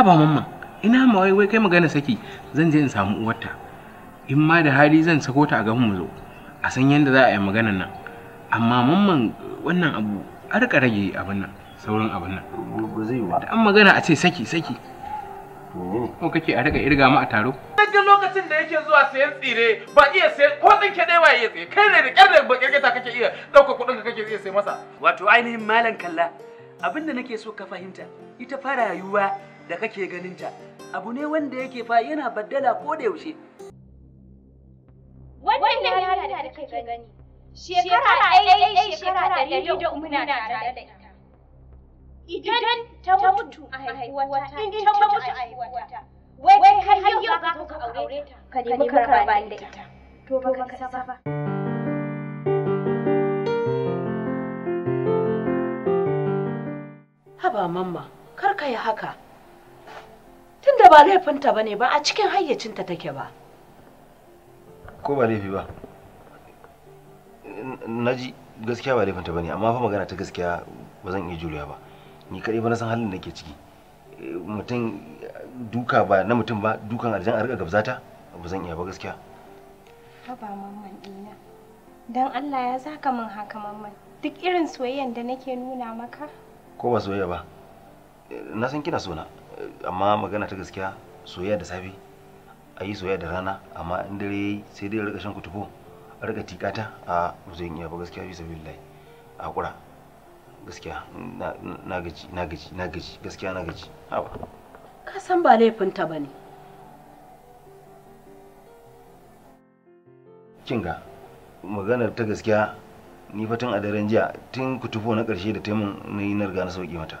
haba mamma ina ma wai kai magana saki zan je in samu uwarta in ma da hali zan sako ta a gaban mu zo a san yadda za a yi maganan nan amma mamman wannan abu a rika rage abin nan saurin abin nan ba zai ba an magana a ce saki saki hmm. ko kake a rika irga mu a taro daga lokacin da yake zuwa sayan tsire ba iya sai ko tsinke ɗaya ba iya tsaye kai ne da kyar da ba ƙirƙita kake iya dauka kudin ka kake iya sai masa wato ainihin malam kalla abin da nake so ka fahimta ita fara rayuwa da kake ganin ta abu ne wanda yake fa yana baddala ko da yaushe wannan yara da kake gani shekara ai shekara ɗari da muna tare da ita idan ta mutu a haihuwata in ta mutu a haihuwata wai kai har yau za ka aure ta ka nemi karɓa da ita to ba ka saba ba haba mamma kar ka yi haka ba laifinta ba ne ba a cikin hayyacinta take ba ko ba laifi ba na ji gaskiya ba laifinta ba ne amma fa magana ta gaskiya ba zan iya juriya ba ni kaɗai ba na san halin da ke ciki mutum duka ba na mutum ba dukan aljan a riƙa gabzata ba zan iya ba gaskiya ba mamman ɗina don allah ya zaka min haka mamman duk irin soyayyan da nake nuna maka ko ba soyayya ba na san kina sona amma magana ta gaskiya soyayya da safe a yi soyayya da rana amma in dare sai dai rika shan kutubo a rika tikata a zan iya ba gaskiya fi sabilillahi a hakura gaskiya na gaji na gaji na gaji gaskiya na gaji haba ka san ba laifin ta bane kinga magana ta gaskiya ni fatan a daren jiya tun kutubo na karshe da taimun na yi na riga na sauki mata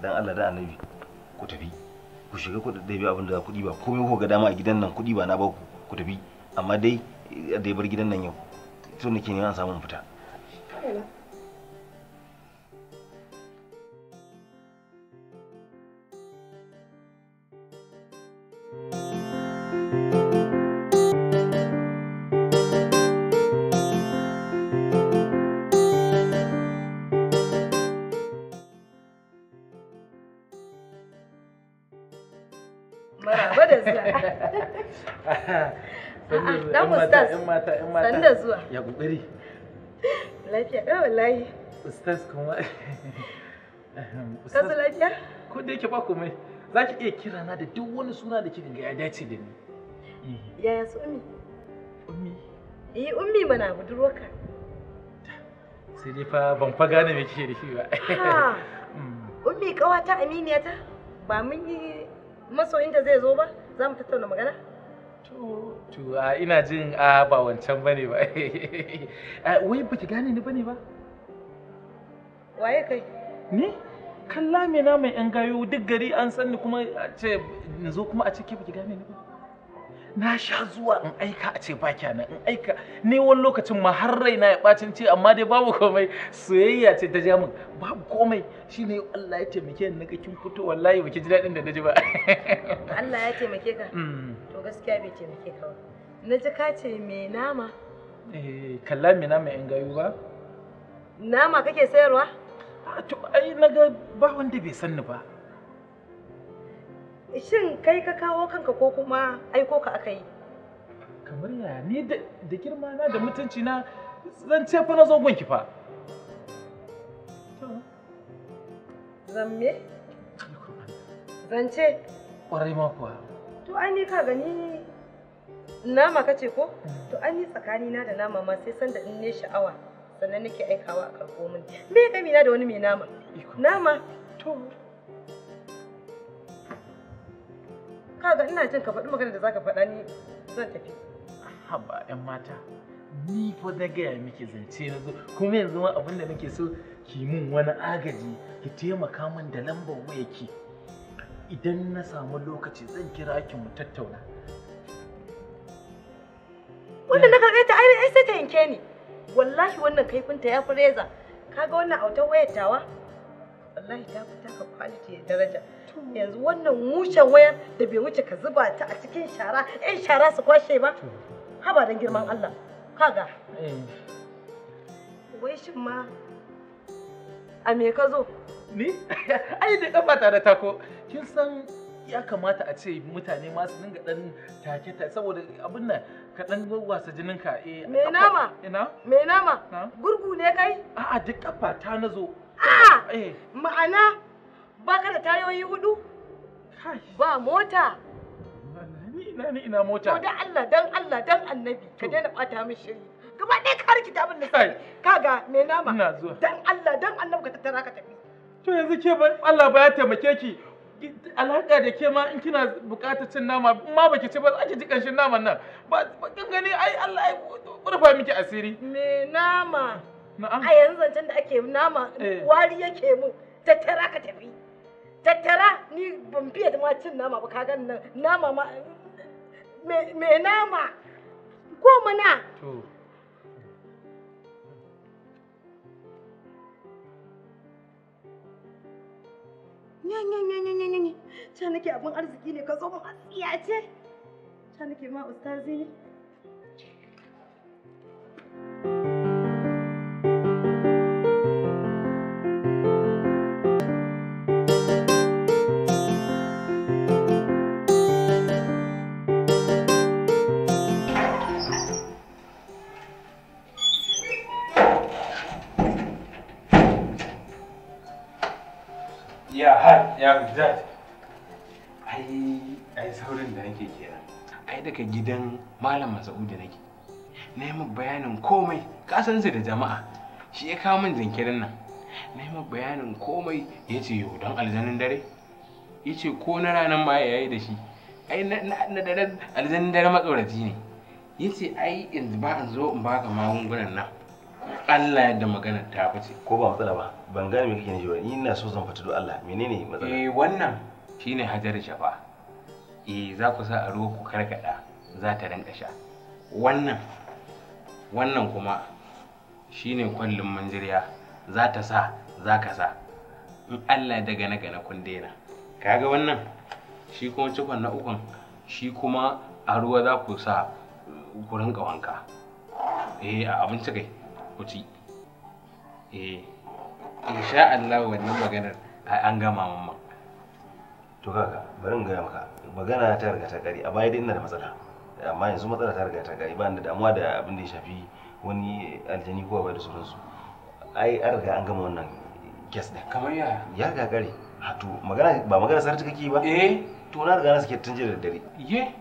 dan Allah da annabi ku tafi ku shiga ku ɗabi abin da kuɗi ba komai ku ga dama a gidan nan kuɗi ba na ba ku ku tafi amma dai da bar gidan nan yau to nake neman samun fita Barba da zuwa. Dan Ustaz. Yan mata, yan mata. Sanda zuwa. Ya kokari. Lafiya, ɗan eh, wallahi. Ustaz kuma. Kasu lafiya? Ko da yake ba komai. Za ki iya kira na da duk wani suna da kika ga ya dace da ni. Mhm. Yaya su Umi? Umi. Eh, Umi mana budurwarka. Sai dai fa ban fa gane me kike da shi ba. Umi mm. kawata aminiya ta ba mun yi maso inda zai zo ba za mu tattauna magana to a ina jin a ba wancan bane ba wai ba ki gane ni bane ba waye kai ni kalla me na mai yan gayo duk gari an san ni kuma a ce yanzu kuma a ce k'i ba ki gane ni ba na sha zuwa in aika a ce ba kyanan in aika ne wani lokacin ma har raina ya bacin ce amma dai babu komai soyayya ce ta ja min babu komai shine Allah ya taimake ni naga kin fito wallahi baki ji dadin da naji ba Allah ya taimake ka mm. to gaskiya bai taimake ka ba naji ka ce me nama eh kalla me nama in gayu ba nama kake sayarwa a ah, to ai naga ba wanda bai sanni ba shin kai ka kawo kanka ko kuma aiko ka aka yi kamar ya ni da girma na da mutunci na zan ce fa na zo gunki fa zan me zan ce kwarai ma kuwa to ai ni ka gani nama kace ko mm. to an yi tsakani na da nama ma sai sanda in ne sha'awa sannan nake aikawa a karɓo min me ya na da wani mai nama nama to kaga ina jin ka faɗi magana da zaka faɗa ni zan tafi haba ƴan mata ni fa da gaya miki zance na zo kuma yanzu ma abin da nake so ki mun wani agaji ki taimaka min da lambar wayarki idan na samu lokaci zan kira ki mu tattauna wannan na karɓe ta ai sai ta yanke ni wallahi wannan kaifinta ya fi reza kaga wannan autar wayar tawa wallahi ta fi taka kwaliti da daraja yanzu wannan wucen wayar da bai wuce ka zuba ta a cikin shara yan shara su kwashe ba haba don girman Allah kaga wai shin ma a me ka zo ni ai da kafa ta da tako kin san ya kamata a ce mutane ma su dinga dan take ta saboda abin nan ka dan wasa jinin ka eh me nama ina me nama gurgu ne kai a'a duk kafa ta nazo a'a eh. ma'ana ba ka da tayoyi hudu ba mota ina ni ina mota to dan Allah dan Allah dan annabi ka daina bata min shiri gaba ɗaya ka rikita abin da sai kaga me nama ina zuwa dan Allah dan annabi ka tattara ka tafi to yanzu ke ba Allah ba ya taimake ki alaka da ke ma in kina bukatar cin nama ma baki ci ba za ki ji kanshin naman nan ba kin gani ai Allah ai rufa miki asiri me nama a yanzu zancen da ake nama eh. wari yake mun tattara ka tafi ni ban fiye da ma cin nama ba nan nama ma me nama ko mana to abin arziki ne ka ma ai saurin da nake kenan ai daga gidan malam masa'udu nake na yi bayanin komai kasansu da jama'a shi ya kawo min jinkirin nan na yi bayanin komai ya ce yau don aljanin dare ya ce ko na ranar ma ya yi da shi ai na daren aljanin dare matsoraci ne ya ce ai yanzu ba in zo in baka magungunan nan Allah yadda magana ta fice ko ba matsala ba ban gane me kake nufi ba ni ina so zan fita do Allah menene matsala eh wannan shine hajar shafa eh za ku sa a ruwa ku karkada za ta rinka sha wannan wannan kuma shine kwallon manjirya za ta sa za ka sa in Allah daga na gana kun daina kaga wannan shi kuma cikon na ukun shi kuma a ruwa za ku sa ku rinka wanka eh a abinci kai ku ci eh insha Allah wannan maganar an gama mamman to kaka bari in gaya maka magana ta riga ta kare a baya dai ina da matsala amma yanzu matsala ta riga ta kare ba da damuwa da abin da ya shafi wani aljani ko abai da sauransu ai an riga an gama wannan kes din kamar ya ya riga kare to magana ba magana sarati kake ba eh to na riga na sake tunje da dare ye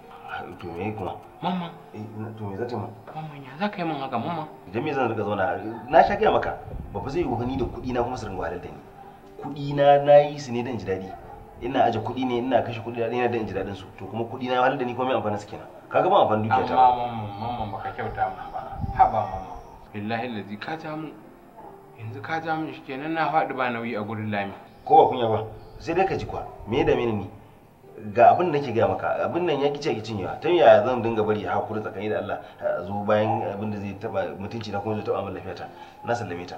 to me kuma mamma eh, to me zata ma mamma ya zaka yi mun haka mamma idan me zan riga zauna na sha gaya maka ba ba zai yi wani da kuɗi na kuma su ringa wahalar da ni kuɗi na nayi su ne dan ji daɗi ina aje kuɗi ne ina kashe kuɗi da ina da in ji daɗin su to kuma kuɗi na halar da ni kuma mai amfani su kenan kaga ba amfani dukiya ta amma mamman mamman baka kyauta mun ba ha ba mamman billahi lazi ka ja mu yanzu ka ja mu shikenan na faɗi ba nauyi a gurin lami ko ba kunya ba sai dai ka ji kwa me da mene ni ga abin da nake gaya maka abin nan ya kice kicin yawa tun yaya zan dinga bari ya hakuri tsakani da Allah zo bayan abin da zai taba mutunci na kuma zai taba min lafiyata na sallame ta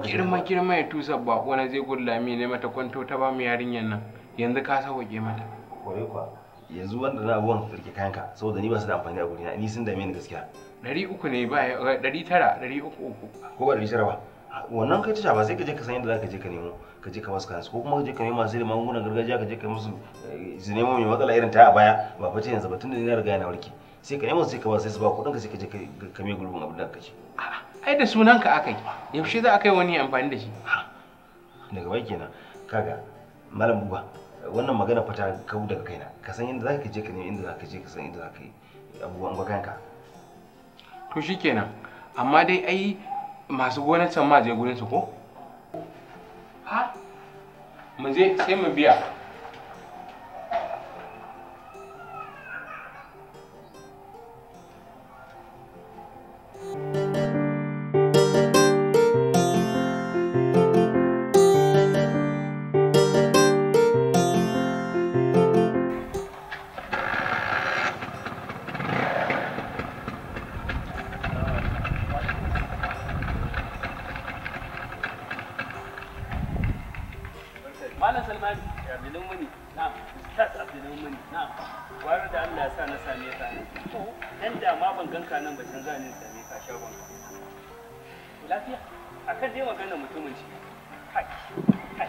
girma girma ya tusa ba wani zai gullami ne mata kwanto ta ba mu yarinyan nan yanzu ka sauƙaƙe mata kwarai kwa yanzu wanda na abuwan rike kayanka saboda ni ba su da amfani a na ni sun dame ni gaskiya ɗari uku ne ba ya ɗari tara ɗari uku uku ko ba ɗari tara ba wannan kai tasha ba sai ka je ka san yadda za ka je ka nemo ka je ka masu kansu ko kuma ka je ka nemo masu magungunan gargajiya ka je ka musu eh, su nemo mai matsala irin ta a baya ba fa ce yanzu ba tun da ni na riga yana warke sai ka nemo sai ka ba sai su ba kuɗin ka sai ka je ka mai gurbin abin da ka ce ai da sunan ka akai yaushe za a kai wani amfani da shi daga bai kenan kaga malam buba wannan magana fata kawo daga kaina ka san inda zaka je ka nemi inda zaka je ka san inda zaka yi abubuwan gwaganka to shikenan amma dai ai masu gonar can ma je gurin su ko ha mu je sai mu biya malam salmani ya abdulin muni na'am ustaz abdulin muni na'am gwara da Allah ya sa na same ka ne. To, dan da ma ban ganka nan ba can za ni same ka sha shagon lafiya akan dai magana mutumin ce kai kai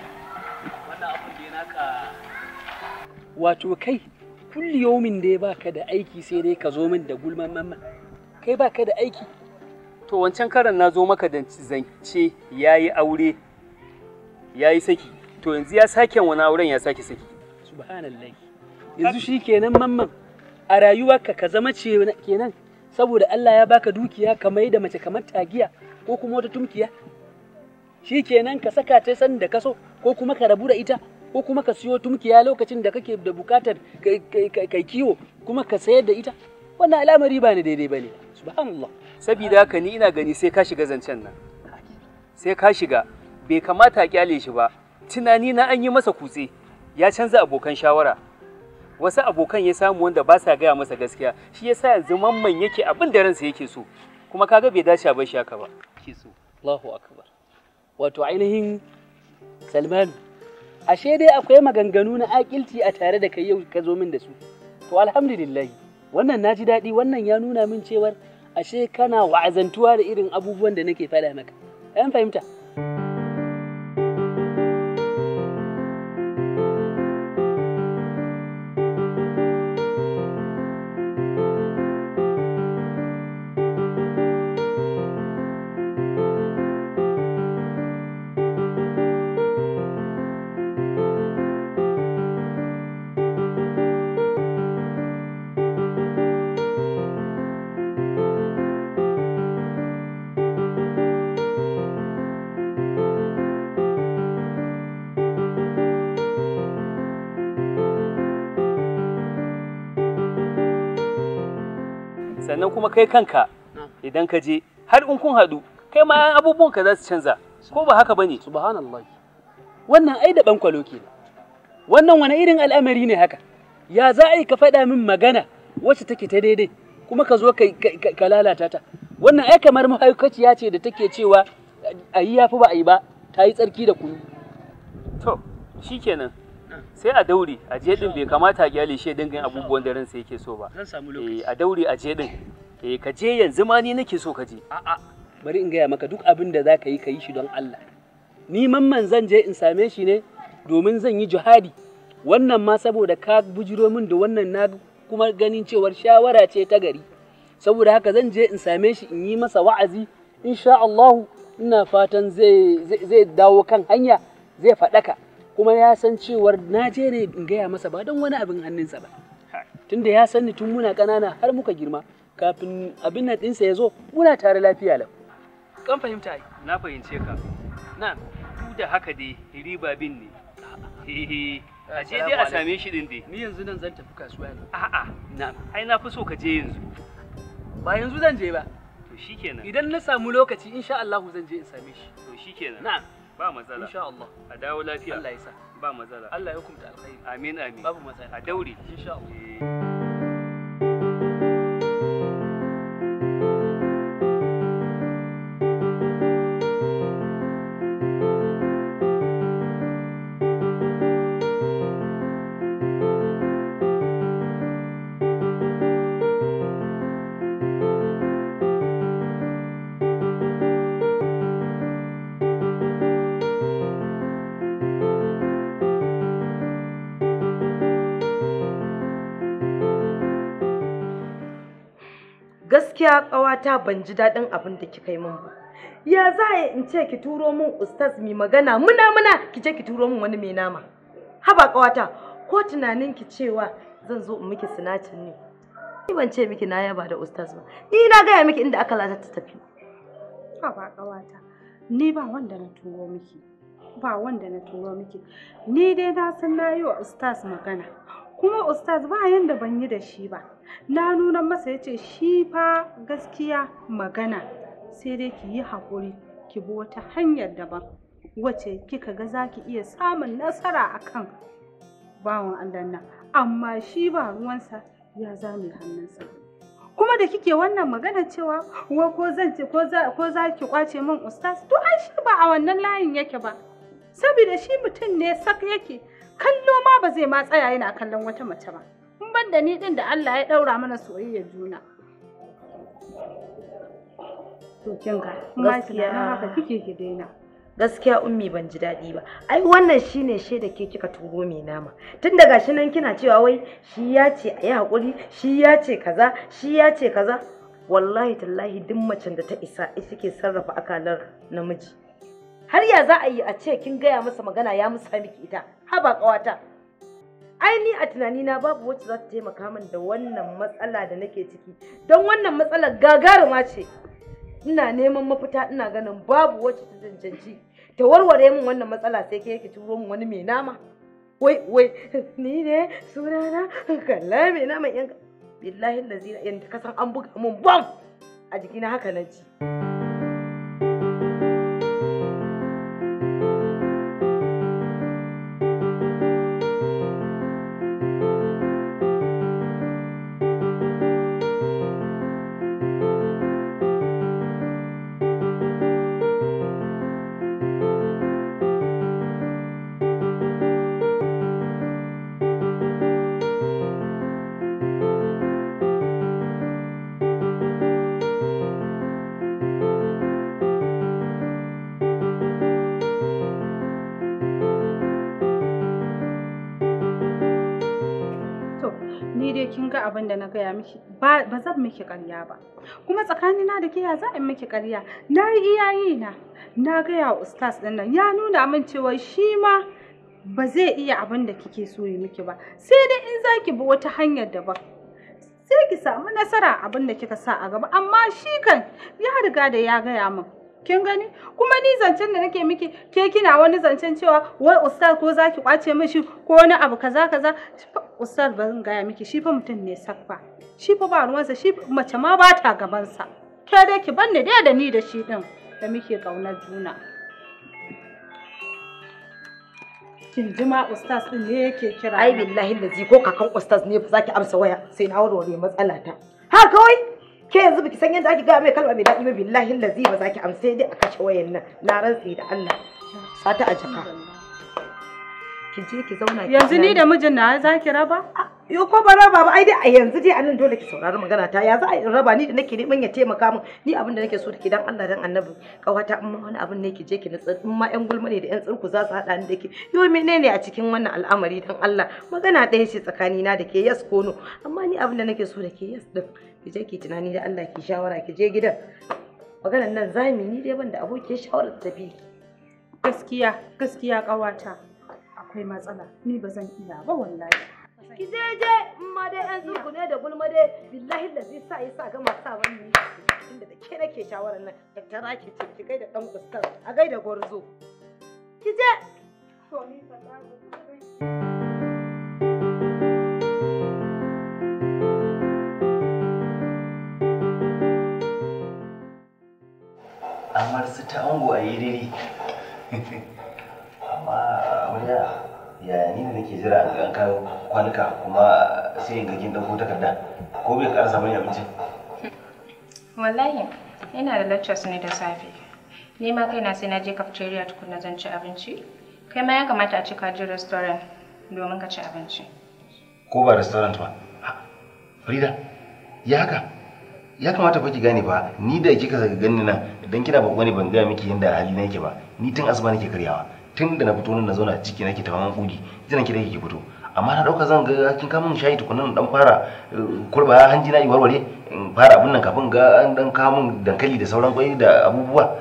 wannan abun da yana ka wato kai kulli yomin da ya baka da aiki sai dai ka zo min da gulman mamma kai baka da aiki to wancan karan na zo maka da zance yayi aure yayi saki to yanzu ya sake wani auren ya sake saki subhanallah yanzu shi kenan mamman a rayuwarka ka zama ce kenan saboda Allah ya baka dukiya ka mai da mace kamar tagiya ko kuma wata tumkiya shi kenan ka saka ta san da kaso ko kuma ka rabu da ita ko kuma ka siyo tumkiya lokacin da kake da bukatar kai kiwo kuma ka sayar da ita wannan al'amari ba ne daidai bane subhanallah saboda haka ni ina gani sai ka shiga zancen nan sai ka shiga bai kamata a kyale shi ba tunani na an yi masa kutse ya canza abokan shawara wasu abokan ya samu wanda ba sa gaya masa gaskiya shi ya sa yanzu mamman yake abin da ransa yake so kuma kaga bai dace ba shi haka ba ke so Allahu akbar wato ainihin Salman ashe dai akwai maganganu na akilci a tare da kai yau ka zo min da su to alhamdulillah wannan naji daɗi wannan ya nuna min cewar ashe kana wa'azantuwa da irin abubuwan da nake faɗa maka an fahimta sannan kuma kai kanka idan ka je har in kun haɗu kai ma abubuwan ka za su canza ko ba haka bane subhanallah wannan ai da ban kwalo kenan wannan wani irin al'amari ne haka ya za a yi ka faɗa min magana wacce take ta daidai kuma ka zo ka lalata ta wannan ai kamar ya ce da take cewa a yi yafi ba a yi ba ta yi tsarki da kunu to shikenan sai a daure a je din bai kamata a gyale shi dinga abubuwan da ransa yake so ba eh, a daure a je din eh ka je yanzu ma ni nake so ka je a bari in gaya maka duk abin da zaka yi ka yi shi don Allah ni mamman zan je in same shi ne domin zan yi jihadi wannan ma saboda ka bujiro min da wannan na kuma ganin cewar shawara ce ta gari saboda haka zan je in same shi in yi masa wa'azi insha Allah ina fatan zai dawo kan hanya zai faɗaka kuma ya san cewar na je ne in gaya masa ba don wani abin hannunsa ba tunda ya san ni tun muna ƙanana har muka girma kafin abin nan ɗinsa ya zo muna tare lafiya lau kan fahimta ai na fahimce ka na duk da haka dai riba bin ne a je dai a same shi din dai ni yanzu nan zan tafi kasuwa ne a'a na ai na fi so ka je yanzu ba yanzu zan je ba to shikenan idan na samu lokaci insha Allah zan je in same shi to shikenan na'am ba matsala insha Allah a dawo lafiya Allah ya sa ba matsala Allah ya hukunta alkhairi amin amin babu matsala a daure insha Allah eh. gaskiya ƙawata ban ji daɗin abin da kika yi min ba ya za a in ce ki turo min ustaz mai magana muna muna ki ce ki turo min wani mai nama haba ƙawata ko tunanin ki cewa zan zo in miki sinacin ne ni ban ce miki na yaba da ustaz ba ni na gaya miki inda aka lata ta tafi haba ƙawata ni ba wanda na turo miki ba wanda na turo miki ni dai na san na yi wa ustaz magana kuma ustaz ba yanda ban yi da shi ba na nuna masa ya ce shi fa gaskiya magana sai dai ki yi haƙuri ki bi wata hanyar daban wace kika ga za ki iya samun nasara a kan bawan Allah nan amma shi ba ruwansa ya zame hannunsa kuma da kike wannan magana cewa wa ko zan ce ko za ki kwace min ustaz to ai shi ba a wannan layin yake ba saboda shi mutum ne sak yake kallo ma ba zai ma tsaya yana kallon wata mace ba Kun ban da ni din da Allah ya ɗaura mana soyayya juna to kinka, gaskiya haka kike ki daina gaskiya ummi ban ji daɗi ba ai wannan shine she da ke kika turo mai nama tun daga shi nan kina cewa wai shi ya ce a yi haƙuri shi ya ce kaza shi ya ce kaza wallahi tallahi duk macen da ta isa suke sarrafa akalar namiji har ya za a yi a ce kin gaya masa magana ya musa miki ita haba ƙawata ai ni a tunanina babu wacce za ta taimaka min da wannan matsala da nake ciki don wannan matsalar gagaruma ce ina neman mafita ina ganin babu wacce ta cancanci ta warware min wannan matsala sai ke ki turo min wani mai nama wai wai ni ne sunana kalla mai nama yan billahi lazina yanda kasan an buga mun bam a jikina haka na ji. ga abin da na gaya miki ba zan miki ƙarya ba kuma tsakanina da ke ya za in miki ƙarya na yi iyayi na na gaya wa ustaz ɗin nan ya nuna min cewa shi ma ba zai iya abin da kike so yi miki ba sai dai in za ki bi wata hanyar da ba sai ki samu nasara abin da kika sa a gaba amma shi kan ya riga da ya gaya min kin gani kuma ni zancen da nake miki ke kina wani zancen cewa wai ustaz ko zaki kwace mishi ko wani abu kaza kaza ustaz ba zan gaya miki shi fa mutum ne saffa shi fa ba ruwansa shi mace ma ba ta gabansa ke dai ki banne dai da ni da shi din da muke kaunar juna Kin jima ustaz din ne yake kira ai billahi lazi ko kakan ustaz ne zaki amsa waya sai na warware ta. ha kawai ke yanzu biki san yadda ake gaya mai kalma mai daɗi ba billahi lazi ba zaki amsa dai a kashe wayan nan na rantsi da Allah sata a jaka ki je ki zauna yanzu ni da mijin na za ki raba yo ko ba raba ba ai dai a yanzu dai anan dole ki saurari magana ta ya za a in raba ni da nake neman ya taimaka min ni abin da nake so da ke dan Allah dan Annabi kawata in ma wani abin ne ki je ki nutsa in ma yan gulma ne da yan tsirku za su hada ni da ke yo menene a cikin wannan al'amari dan Allah magana ɗaya ce tsakanina da ke yes ko no amma ni abin da nake so da ke yes din ki je ki tunani da Allah ki shawara ki je gidan maganar nan zami ni dai ban da shawara shawarar tafi gaskiya gaskiya kawata akwai matsala ni ba zan iya ba wallahi ki je je in ma dai an zuku ne da gulma dai billahi da zai sa yi sa gama sa ni. inda da ke nake shawarar nan da tara ki ce ki gaida dan ustaz a gaida gwarzo ki je to ni fa amar su ta ango a yi dare amma amarya ya ni da nake jira an kawo kwanuka kuma sai in gagin ɗauko takarda ko bai ƙarasa bane abinci? wallahi ina da lectures ne da safe ni ma kaina sai na je cafeteria tukunna zan ci abinci kai ma ya kamata a ci ka je restaurant domin ka ci abinci ko ba restaurant ba Frida, ya haka? ya kamata fa ki gane ba ni da kika saka ganni nan dan kina ba ne ban ga miki yanda hali na yake ba ni tun asuba nake karyawa tun da na fito nan na zauna ciki nake ta maman kugi jinan ki da kike fito amma na dauka zan ga kin kama mun shayi tukunan dan fara eh, kurba hanji na yi warware in fara abun nan kafin ga an dan kama mun dankali da sauran kwai da abubuwa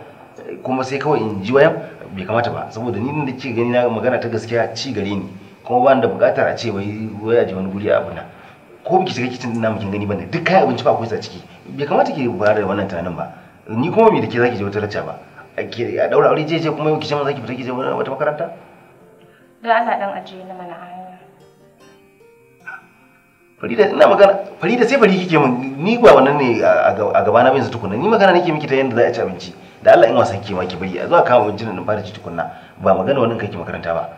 kuma sai kawai in ji wayan bai kamata ba saboda ni da ci gani na magana ta gaskiya ci gare ni kuma ba da bukatar a ce wai wai a ji wani guri a abu nan ko biki shiga kicin din namu kin gani bane duk kai abinci ba ko sa ciki bai kamata ki ba da wannan tunanin ba ni kuma me da ke zaki je wata lacca ba a daura aure je je kuma yau kicin ce zaki fita ki je wata makaranta da Allah dan aje ni mana hanya Farida ina magana Farida sai fari kike min ni ba wannan ne a gaba na yanzu tukunna ni magana nake miki ta yanda za a ci abinci da Allah in wasan ke ma ki bari a zuwa kawo abincin nan fara ci tukunna ba magana wannan kake makaranta ba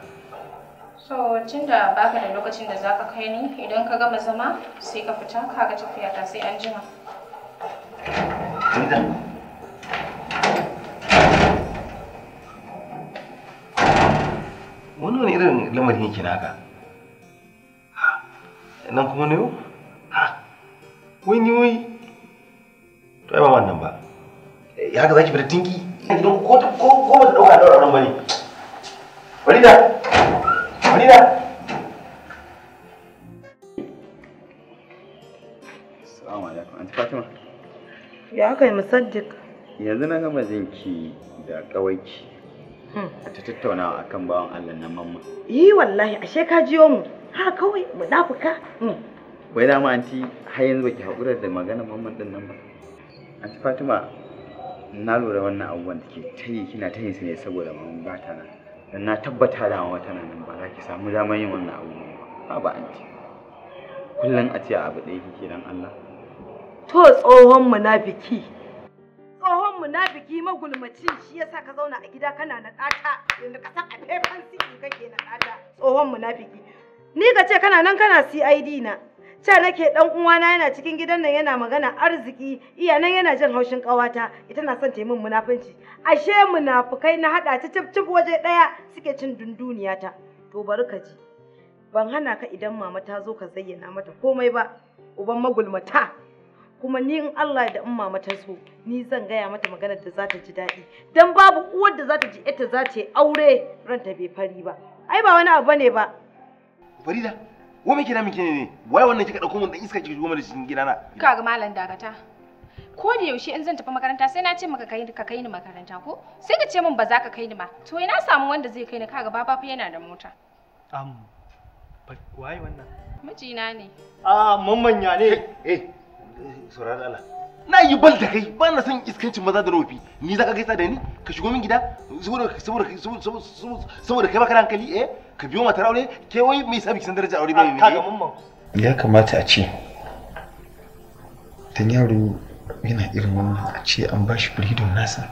To tunda baka da lokacin da zaka kai ni idan ka gama zama sai ka fita kaga tafiya ta sai an jima. Wani wani irin lamarin yake naka? Nan kuma ne yau? Wai ni wai? To ai ba wannan ba. Eh, haka zaki fita tinki? ko ko ba ta dauka daura ba ne? Farida. salida. Assalamu alaikum. Anti Fatima. Ya kai Musaddiq. Yanzu na gama mazinki da kawaici. Hmm. A ta tattaunawa akan bawan Allah na mamma. Yi wallahi ashe ka jiyo mu. Ha kawai mu dafuka. Hmm. Wai da ma anti har yanzu baki haƙura da magana mamman din nan ba. Anti Fatima na lura wannan abubuwan da ke ta yi kina ta yin su ne saboda mamman ba ta nan. dan na tabbata da wata nan ba za ki samu damar yin wannan abu ba ba anti kullum a ce abu ɗaya kike dan Allah to tsohon munafiki tsohon munafiki magulmaci shi yasa ka zauna a gida kana na tsata, yanzu ka san a faifan siki kake na ɗata tsohon munafiki ni ka ce kana nan kana CID na ta nake dan uwana yana cikin gidan nan yana magana arziki iya nan yana jin haushin kawata ita na son ta min munafunci ashe munafukai na hada ta cif waje daya suke cin dunduniya ta to bari ka ji ban hana ka idan mama ta zo ka zayyana mata komai ba uban magulmata kuma ni in Allah da in mama ta so ni zan gaya mata maganar da za ta ji daɗi dan babu uwar da za ta ji ita za ta yi aure ranta bai fari ba ai ba wani abu ne ba Farida Ko me na miki ne? Wai wannan kika dauko mun dan iska kike goma da cikin gidana? Ka ga malam dakata. Ko da yaushe in zan tafi makaranta sai na ce maka kai ka kai ni makaranta ko? Sai ka ce min ba za ka kai ni ma. To ina samu wanda zai kai ni kaga baba fa yana da mota. Am. Wai wannan? Mijina ne. Ah, mamman ya ne. Eh, eh saurari Allah. na yi bal da kai ba na son iskancin maza da rofi ni za ka gaisa da ni ka shigo min gida saboda kai baka da hankali eh ka biyo matar aure ke wai mai sabi kisan darajar aure bai ah, ne ya kamata a ce dan yaro yana irin wannan a ce an ba shi burido nasa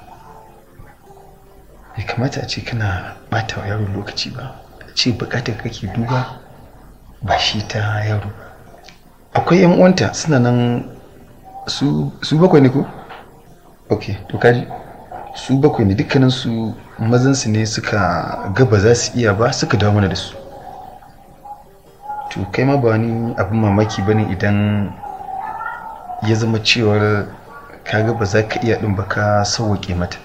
ya kamata a ce kana bata wa yaro lokaci ba a ce bukatar kake duba ba shi ta yaro ba akwai yan uwanta suna nan su bakwai ne ko ok to kaji su bakwai ne dukkanin su mazan su ne suka ga ba za su iya ba suka dawo mana da su to kai ma ba wani abin mamaki ba ne idan ya zama cewar kaga ba za ka iya ɗin ba ka sauwaƙe mata